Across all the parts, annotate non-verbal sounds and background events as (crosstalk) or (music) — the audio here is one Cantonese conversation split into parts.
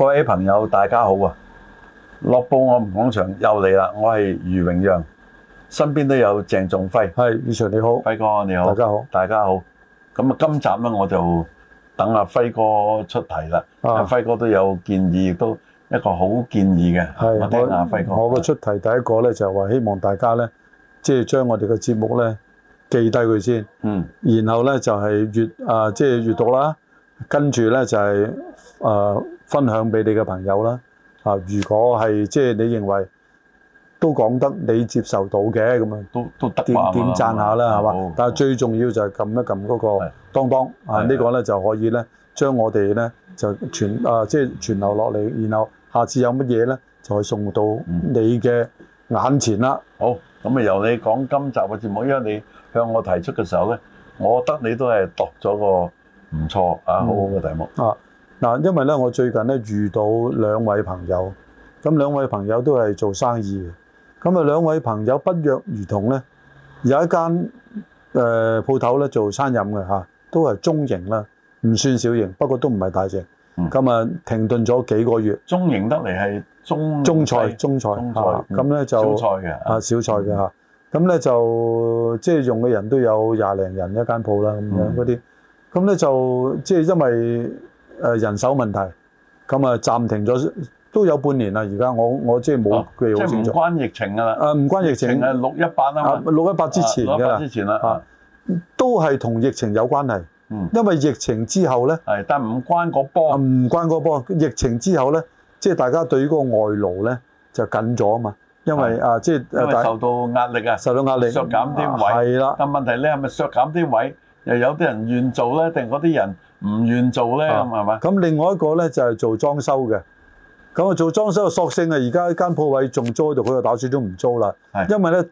各位朋友，大家好啊！《樂報我們講場》又嚟啦，我係余榮讓，身邊都有鄭仲輝。係余常你好，輝哥你好，大家好，大家好。咁啊，今集咧我就等阿輝哥出題啦。阿輝、啊、哥都有建議，亦都一個好建議嘅。係是我我嘅哥出題第一個咧就係話，希望大家咧即係將我哋嘅節目咧記低佢先。嗯。然後咧就係閱啊，即係閱讀啦，跟住咧就係、是、誒。呃分享俾你嘅朋友啦，啊，如果係即係你認為都講得你接受到嘅咁啊，都都點點讚下啦，係嘛？但係最重要就係撳一撳嗰個當當，的啊，這個、呢個咧就可以咧將我哋咧就傳啊，即、就、係、是、傳流落嚟，然後下次有乜嘢咧就係送到你嘅眼前啦、嗯。好，咁啊由你講今集嘅節目，因為你向我提出嘅時候咧，我覺得你都係度咗個唔錯啊，好好嘅題目。嗯啊嗱，因為咧，我最近咧遇到兩位朋友，咁兩位朋友都係做生意嘅，咁啊兩位朋友不約而同咧，有一間誒鋪頭咧做餐飲嘅嚇，都係中型啦，唔算小型，不過都唔係大隻，咁啊、嗯、停頓咗幾個月，中型得嚟係中中菜中菜，咁咧就小菜嘅啊小菜嘅嚇，咁咧、嗯啊、就即係用嘅人都有廿零人一間鋪啦咁樣啲，咁咧就即係因為。誒人手問題，咁啊暫停咗都有半年啦。而家我我即係冇嘅，好少即係唔關疫情㗎啦。誒唔關疫情。疫情係六一八啊。六一八之前㗎啦。六一八之前啦。都係同疫情有關係。因為疫情之後咧。但唔關個波。唔關個波。疫情之後咧，即係大家對於個外勞咧就緊咗啊嘛。因為啊，即係受到壓力啊。受到壓力。削減啲位。係啦。但問題咧係咪削減啲位？又有啲人願做咧，定嗰啲人唔願做咧係嘛？咁、啊、另外一個咧就係做裝修嘅。咁啊做裝修嘅索性啊而家間鋪位仲租喺度，佢就打算都唔租啦。啊、因為咧，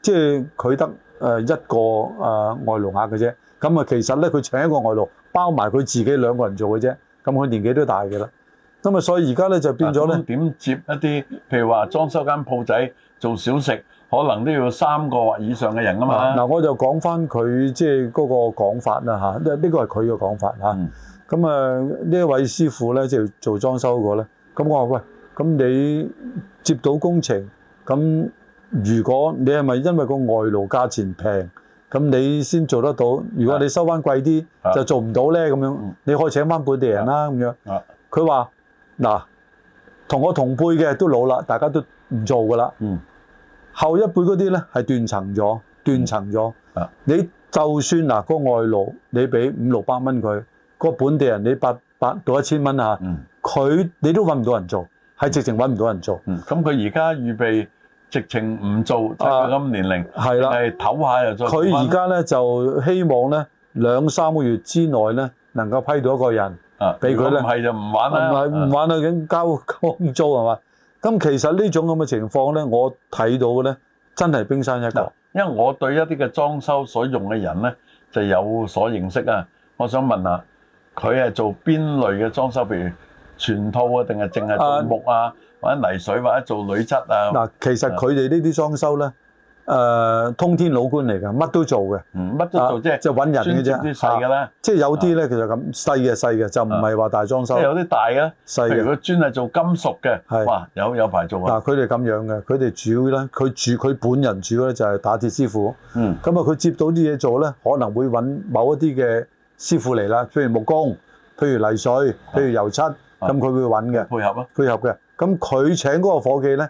即係佢得誒一個誒外勞額嘅啫。咁啊，其實咧佢請一個外勞，包埋佢自己兩個人做嘅啫。咁佢年紀都大嘅啦。咁啊，所以而家咧就變咗咧點接一啲，譬如話裝修間鋪仔做小食。可能都要三個或以上嘅人啊嘛。嗱、嗯，我就講翻佢即係嗰個講法啦嚇，即係呢個係佢嘅講法嚇。咁、嗯、啊呢一位師傅咧，即係做裝修個咧。咁我話喂，咁你接到工程，咁如果你係咪因為個外勞價錢平，咁你先做得到？如果你收翻貴啲，啊、就做唔到咧咁樣。你可以請翻本地人啦咁、啊、樣。佢話、啊：嗱，同我同輩嘅都老啦，大家都唔做㗎啦。嗯後一輩嗰啲咧係斷層咗，斷層咗。你就算嗱個外勞，你俾五六百蚊佢，個本地人你八百到一千蚊啊，佢你都揾唔到人做，係直情揾唔到人做。咁佢而家預備直情唔做，差唔多咁年齡。係啦，唞下又做。佢而家咧就希望咧兩三個月之內咧能夠批到一個人，俾佢咧，唔係就唔玩啦，唔玩啦咁交交租係嘛？咁其實呢種咁嘅情況咧，我睇到嘅咧，真係冰山一角。因為我對一啲嘅裝修所用嘅人咧，就有所認識啊。我想問下，佢係做邊類嘅裝修？譬如全套啊，定係淨係做木啊，啊，或者泥水，或者做鋁質啊？嗱，其實佢哋呢啲裝修咧。誒通天老官嚟㗎，乜都做嘅，乜都做啫，即係揾人嘅啫，係㗎啦。即係有啲咧，其實咁細嘅細嘅，就唔係話大裝修。有啲大嘅，細嘅。譬如佢專係做金屬嘅，哇，有有排做啊！嗱，佢哋咁樣嘅，佢哋主要咧，佢住佢本人住咧就係打鐵師傅。嗯。咁啊，佢接到啲嘢做咧，可能會揾某一啲嘅師傅嚟啦，譬如木工，譬如泥水，譬如油漆。咁佢會揾嘅。配合啊！配合嘅。咁佢請嗰個夥計咧，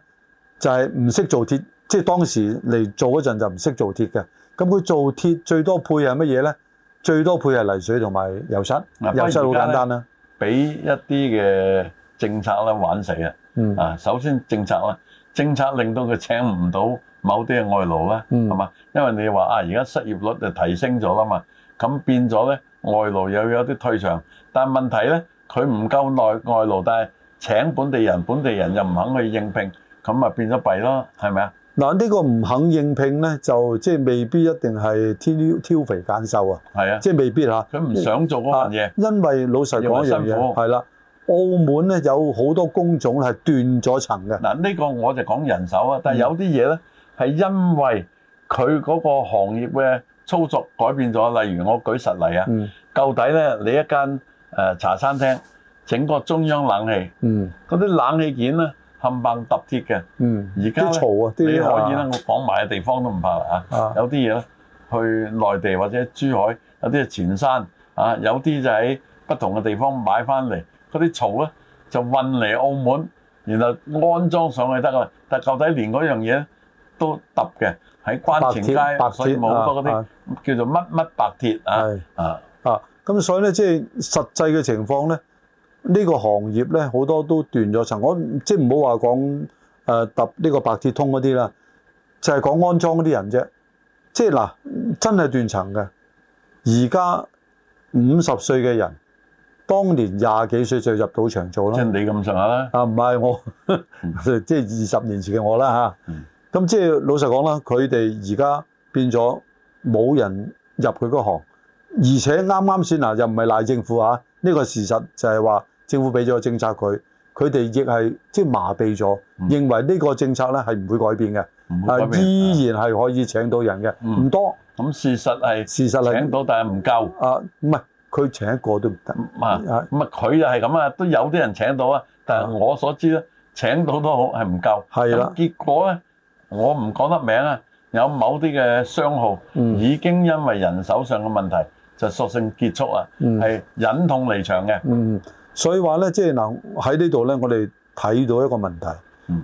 就係唔識做鐵。即係當時嚟做嗰陣就唔識做鐵嘅，咁佢做鐵最多配係乜嘢咧？最多配係泥水同埋油漆，啊、油漆好簡單啦。俾一啲嘅政策咧玩死啊！嗯、啊，首先政策咧，政策令到佢請唔到某啲外勞啦，係嘛、嗯？因為你話啊，而家失業率就提升咗啦嘛，咁變咗咧外勞又有啲退場，但問問題咧佢唔夠內外勞，但係請本地人，本地人又唔肯去應聘，咁咪變咗弊咯，係咪啊？嗱，呢個唔肯應聘咧，就即係未必一定係挑挑肥揀瘦啊，係啊，即係未必吓。佢唔想做嗰樣嘢，因為老實講，又辛苦。係啦，澳門咧有好多工種係斷咗層嘅。嗱，呢個我就講人手啊，但係有啲嘢咧係因為佢嗰個行業嘅操作改變咗。例如我舉實例啊，舊底咧你一間誒茶餐廳整個中央冷氣，嗰啲冷氣件咧。冚棒揼鐵嘅，而家啲槽啊你可以啦，啊、我講埋嘅地方都唔怕啦、啊、有啲嘢咧，去內地或者珠海，有啲係前山啊，有啲就喺不同嘅地方買翻嚟，嗰啲槽咧就運嚟澳門，然後安裝上去得啦。但係舊底連嗰樣嘢咧都揼嘅，喺關前街，白白所以冇好多嗰啲、啊、叫做乜乜白鐵啊是啊。咁、啊啊、所以咧，即係實際嘅情況咧。呢個行業咧好多都斷咗層，我即係唔好話講誒揼呢個白鐵通嗰啲，就係、啦，就係講安裝嗰啲人啫。即係嗱，真係斷層嘅。而家五十歲嘅人，當年廿幾歲就入到場做啦。即你咁上下啦？啊，唔係我，嗯、 (laughs) 即係二十年前嘅我啦吓，咁即係老實講啦，佢哋而家變咗冇人入佢嗰行，而且啱啱先嗱，又唔係賴政府嚇。啊呢個事實就係話政府俾咗個政策佢，佢哋亦係即係麻痹咗，認為呢個政策咧係唔會改變嘅，啊依然係可以請到人嘅，唔多。咁事實係事實係請到，但係唔夠。啊，唔係佢請一個都唔得啊。咁啊，佢又係咁啊，都有啲人請到啊，但係我所知咧，請到都好係唔夠。係啦。結果咧，我唔講得名啊，有某啲嘅商號已經因為人手上嘅問題。就索性結束啊！係、嗯、忍痛離場嘅。嗯，所以話咧，即係嗱喺呢度咧，我哋睇到一個問題。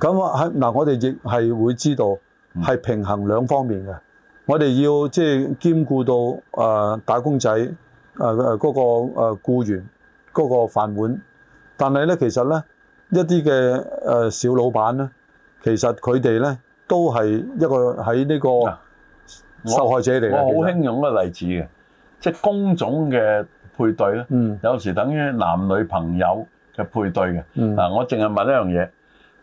咁啊、嗯，喺嗱，我哋亦係會知道係平衡兩方面嘅。嗯、我哋要即係、就是、兼顧到誒、呃、打工仔誒誒嗰個誒、呃、僱員嗰、嗰個飯碗。但係咧，其實咧一啲嘅誒小老闆咧，其實佢哋咧都係一個喺呢個受害者嚟嘅啊。我好輕勇嘅例子嘅。即工種嘅配對咯，有時等於男女朋友嘅配對嘅。嗱，我淨係問一樣嘢，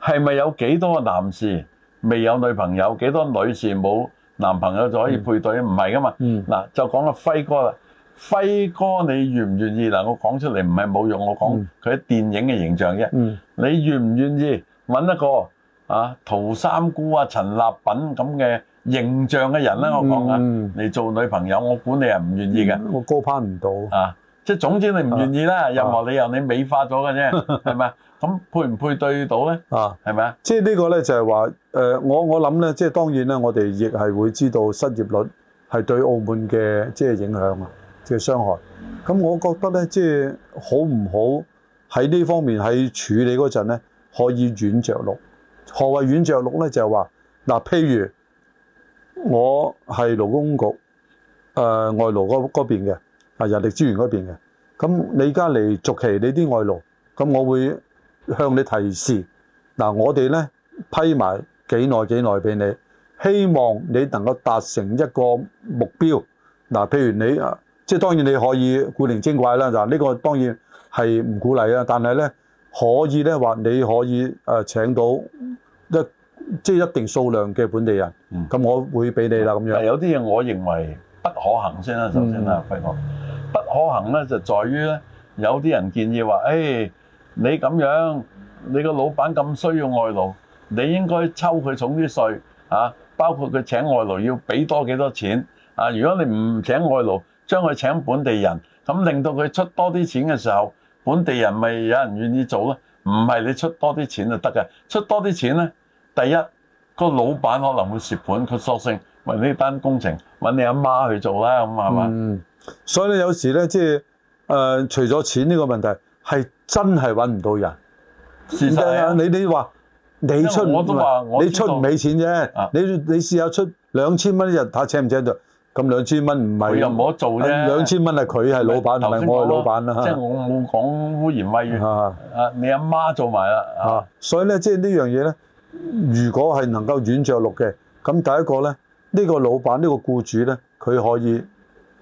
係咪有幾多個男士未有女朋友，幾多女士冇男朋友就可以配對？唔係㗎嘛。嗱，就講阿輝哥啦，輝哥你願唔願意？嗱，我講出嚟唔係冇用，我講佢喺電影嘅形象啫。你願唔願意搵一個啊？陶三姑啊，陳立品咁嘅？形象嘅人咧，我講啊，你做女朋友，嗯、我估你係唔願意嘅。我高攀唔到啊！即係總之你唔願意啦。啊、任何理由你美化咗嘅啫，係咪？咁配唔配對到咧？啊，係咪啊？即係呢個咧就係話誒，我我諗咧，即係當然咧，我哋亦係會知道失業率係對澳門嘅即係影響啊，即係傷害。咁我覺得咧，即係好唔好喺呢方面喺處理嗰陣咧，可以軟着陸。何謂軟着陸咧？就係話嗱，譬如。我係勞工局誒、呃、外勞嗰邊嘅，啊人力資源嗰邊嘅。咁你而家嚟續期你啲外勞，咁我會向你提示。嗱，我哋咧批埋幾耐幾耐俾你，希望你能夠達成一個目標。嗱，譬如你即係當然你可以古靈精怪啦，嗱呢個當然係唔鼓勵啊，但係咧可以咧話你可以誒請到一，即係一定數量嘅本地人，咁我會俾你啦。咁、嗯、樣有啲嘢，我認為不可行先啦。首先啊，輝哥、嗯、不，不可行呢，就在於呢。有啲人建議話，誒、哎，你咁樣，你個老闆咁需要外勞，你應該抽佢重啲稅啊。包括佢請外勞要俾多幾多錢啊。如果你唔請外勞，將佢請本地人，咁令到佢出多啲錢嘅時候，本地人咪有人願意做咯。唔係你出多啲錢就得嘅，出多啲錢呢。」第一個老闆可能會蝕本，佢索性揾呢單工程揾你阿媽去做啦，咁係嘛？嗯，所以咧有時咧即係誒，除咗錢呢個問題係真係揾唔到人。事實啊，你你話你出唔你出唔俾錢啫？你你試下出兩千蚊一日，睇請唔請到？咁兩千蚊唔係佢又冇得做啫。兩千蚊係佢係老闆，唔係我係老闆啦。即係我冇講污言穢語啊！你阿媽做埋啦啊！所以咧，即係呢樣嘢咧。如果係能夠軟着陸嘅，咁第一個呢，呢、呢個老闆呢、呢個僱主呢，佢可以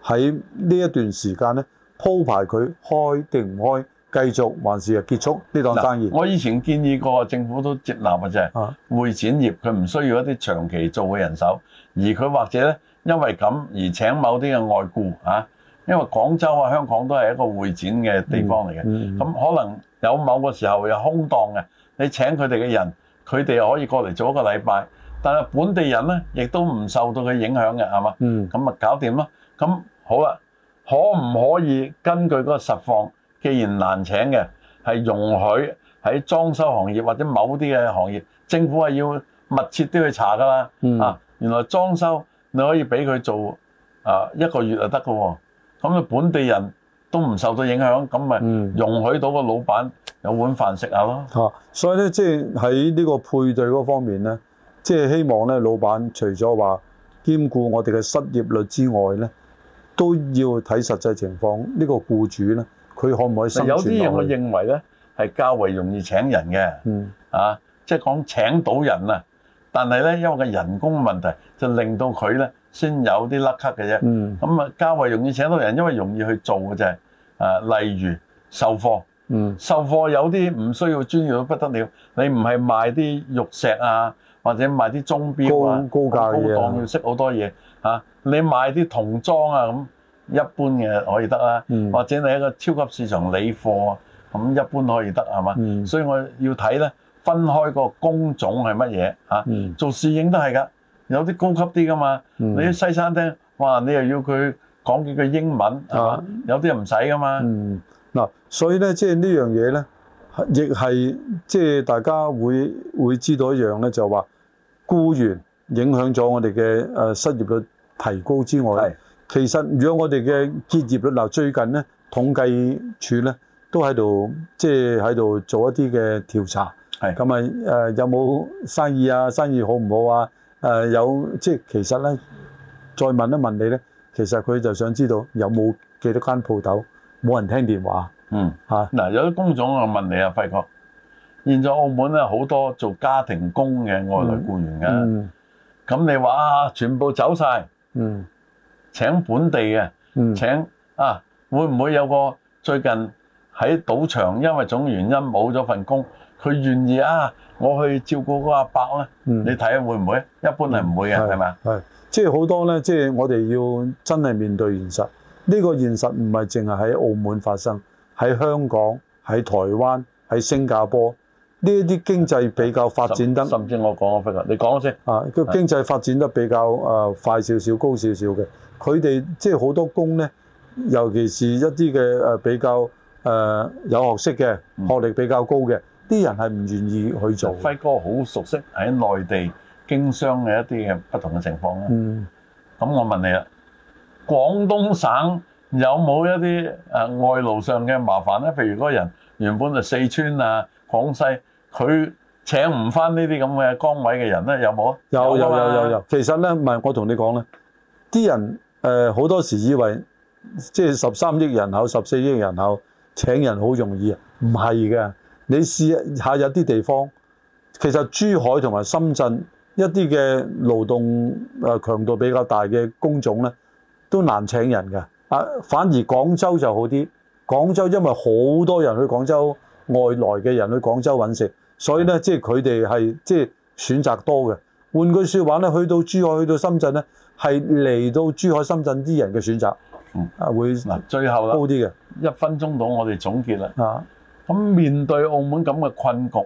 喺呢一段時間呢鋪排佢開定唔開，繼續還是啊結束呢檔生意。我以前建議過政府都接納嘅就係、係、會展業，佢唔需要一啲長期做嘅人手，而佢或者呢，因為咁而請某啲嘅外僱啊，因為廣州啊香港都係一個會展嘅地方嚟嘅，咁、嗯嗯、可能有某個時候有空檔嘅，你請佢哋嘅人。佢哋可以過嚟做一個禮拜，但係本地人呢亦都唔受到佢影響嘅，係嘛？嗯，咁咪搞掂啦。咁好啦，可唔可以根據嗰個實況？既然難請嘅，係容許喺裝修行業或者某啲嘅行業，政府係要密切啲去查㗎啦。嗯、啊，原來裝修你可以俾佢做啊一個月就得㗎喎。咁啊本地人。都唔受到影響，咁咪容許到個老闆有碗飯食下咯、嗯。所以咧，即係喺呢個配對嗰方面呢，即係希望咧，老闆除咗話兼顧我哋嘅失業率之外呢，都要睇實際情況。呢個僱主呢，佢可唔可以生存落去？有啲人我認為呢係較為容易請人嘅。嗯。啊、嗯，即係講請到人啊，但係呢，因為個人工問題，就令到佢呢。先有啲甩咳嘅啫，咁啊、嗯，較為容易請到人，因為容易去做嘅就係，例如售貨，嗯、售貨有啲唔需要專業到不得了，你唔係賣啲玉石啊，或者賣啲鐘表啊，高高檔、啊、要識好多嘢、啊、你賣啲童裝啊咁，一般嘅可以得啦，嗯、或者你一個超級市場理貨，咁一般可以得係嘛？嗯、所以我要睇咧，分開個工種係乜嘢？做侍應都係㗎。有啲高級啲噶嘛？嗯、你啲西餐廳，哇！你又要佢講幾句英文係嘛、啊、有啲又唔使噶嘛？嗱、啊嗯啊，所以咧，即係呢樣嘢咧，亦係即係大家會會知道一樣咧，就話僱員影響咗我哋嘅誒失業率提高之外，是其實如果我哋嘅結業率嗱、呃，最近咧統計處咧都喺度即係喺度做一啲嘅調查，咁啊誒有冇生意啊？生意好唔好啊？誒有即係其實咧，再問一問你咧，其實佢就想知道有冇幾多間鋪頭冇人聽電話。嗯嚇，嗱有啲工種啊問你啊，費哥，現在澳門咧好多做家庭工嘅外來僱員㗎。嗯，咁你話啊，全部走曬。嗯，請本地嘅。嗯，請啊，會唔會有個最近喺賭場因為種原因冇咗份工，佢願意啊？我去照顧嗰阿伯咧，你睇下會唔會？嗯、一般係唔會嘅，係嘛是？係吧，即係好多咧，即係我哋要真係面對現實。呢、呢個現實唔係淨係喺澳門發生，喺香港、喺台灣、喺新加坡呢一啲經濟比較發展得，唔知、嗯、我講唔得啊？你講先啊！佢經濟發展得比較誒是、呃、快少少、高少少嘅，佢哋即係好多工咧，尤其是一啲嘅誒比較誒、呃、有學識嘅、學歷比較高嘅。嗯嗯啲人係唔願意去做。輝哥好熟悉喺內地經商嘅一啲嘅不同嘅情況咯、啊。嗯，咁我問你啦，廣東省有冇一啲誒外勞上嘅麻煩咧？譬如嗰人原本就四川啊、廣西，佢請唔返呢啲咁嘅崗位嘅人咧，有冇有啊？有有有有有。其實咧，唔係我同你講咧，啲人誒好、呃、多時以為即係十三億人口、十四億人口請人好容易，唔係嘅。你試下有啲地方，其實珠海同埋深圳一啲嘅勞動誒強度比較大嘅工種呢，都難請人嘅。啊，反而廣州就好啲。廣州因為好多人去廣州，外來嘅人去廣州揾食，所以呢，即係佢哋係即係選擇多嘅。換句説話呢，去到珠海、去到深圳呢，係嚟到珠海、深圳啲人嘅選擇，嗯，會最後啦，高啲嘅一分鐘到，我哋總結啦嚇。咁面對澳門咁嘅困局，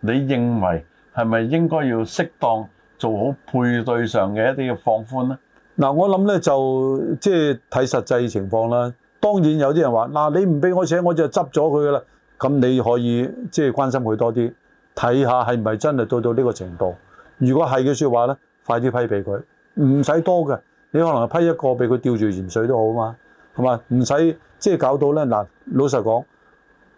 你認為係咪應該要適當做好配對上嘅一啲嘅放寬呢？嗱，我諗呢就即係睇實際情況啦。當然有啲人話：嗱、啊，你唔俾我請，我就執咗佢噶啦。咁你可以即係關心佢多啲，睇下係唔係真係到到呢個程度。如果係嘅説話呢，快啲批俾佢，唔使多嘅。你可能批一個俾佢吊住鹽水都好嘛，係嘛？唔使即係搞到呢。嗱，老實講。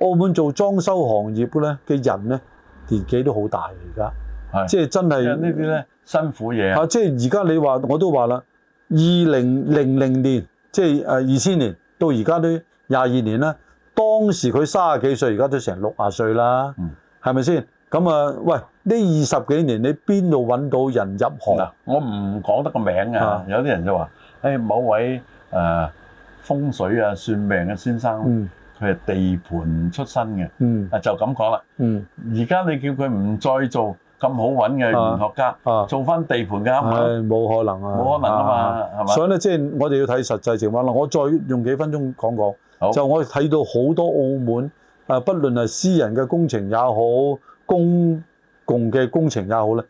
澳門做裝修行業咧嘅人咧年紀都好大，而家係，即係真係呢啲咧辛苦嘢。嚇，即係而家你話我都話啦，二零零零年即係誒二千年到而家都廿二年啦。當時佢卅幾歲，而家都成六十歲啦，係咪先？咁啊，喂，呢二十幾年你邊度揾到人入行啊？我唔講得個名㗎，有啲人就話誒某位誒、呃、風水啊算命嘅先生。嗯佢係地盤出身嘅，啊就咁講啦。而家你叫佢唔再做咁好揾嘅建築家，做翻地盤嘅，冇、啊哎、可能啊！冇可能啊嘛，啊是是所以咧，即、就、係、是、我哋要睇實際情況啦。我再用幾分鐘講講，好就我哋睇到好多澳門啊，不論係私人嘅工程也好，公共嘅工程也好咧，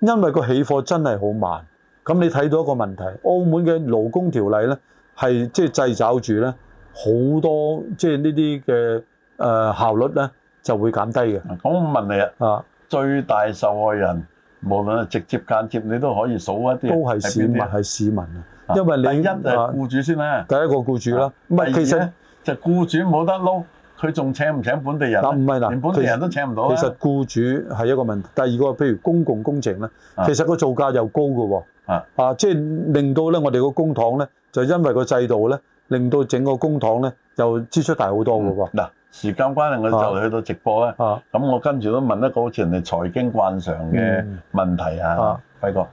因為個起貨真係好慢。咁你睇到一個問題，澳門嘅勞工條例咧，係即係掣肘住咧。好多即係呢啲嘅誒效率咧就會減低嘅。咁我問你啊，最大受害人無論直接間接，你都可以數一啲，都係市民係市民啊。因為你啊，僱主先啊，第一個僱主啦。唔係，其實就僱主冇得撈，佢仲請唔請本地人？嗱，唔係嗱，連本地人都請唔到。其實僱主係一個問題。第二個譬如公共工程咧，其實個造價又高㗎喎。啊，啊，即係令到咧我哋個公帑咧，就因為個制度咧。令到整個公帑咧，又支出大好多嘅喎。嗱、啊，時間關係，我就去到直播啦。咁、啊啊、我跟住都問一個好似人哋財經慣常嘅問題啊，輝哥、嗯。啊、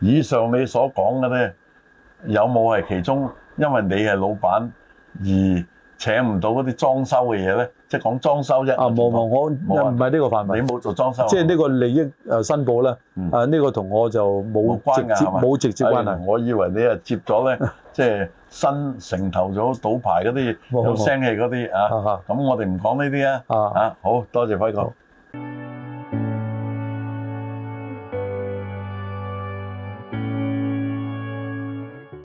以上你所講嘅咧，有冇係其中因為你係老闆而請唔到嗰啲裝修嘅嘢咧？即係講裝修啫。啊，冇，無我唔係呢個範圍。你冇做裝修，即係呢個利益誒申報咧？嗯、啊，呢、呢個同我就冇關接冇直接關係。哎、我以為你係接咗咧。啊即係新城投咗賭牌嗰啲，有聲氣嗰啲啊，咁我哋唔講呢啲啊，啊，講啊，啊，啊好多謝輝哥。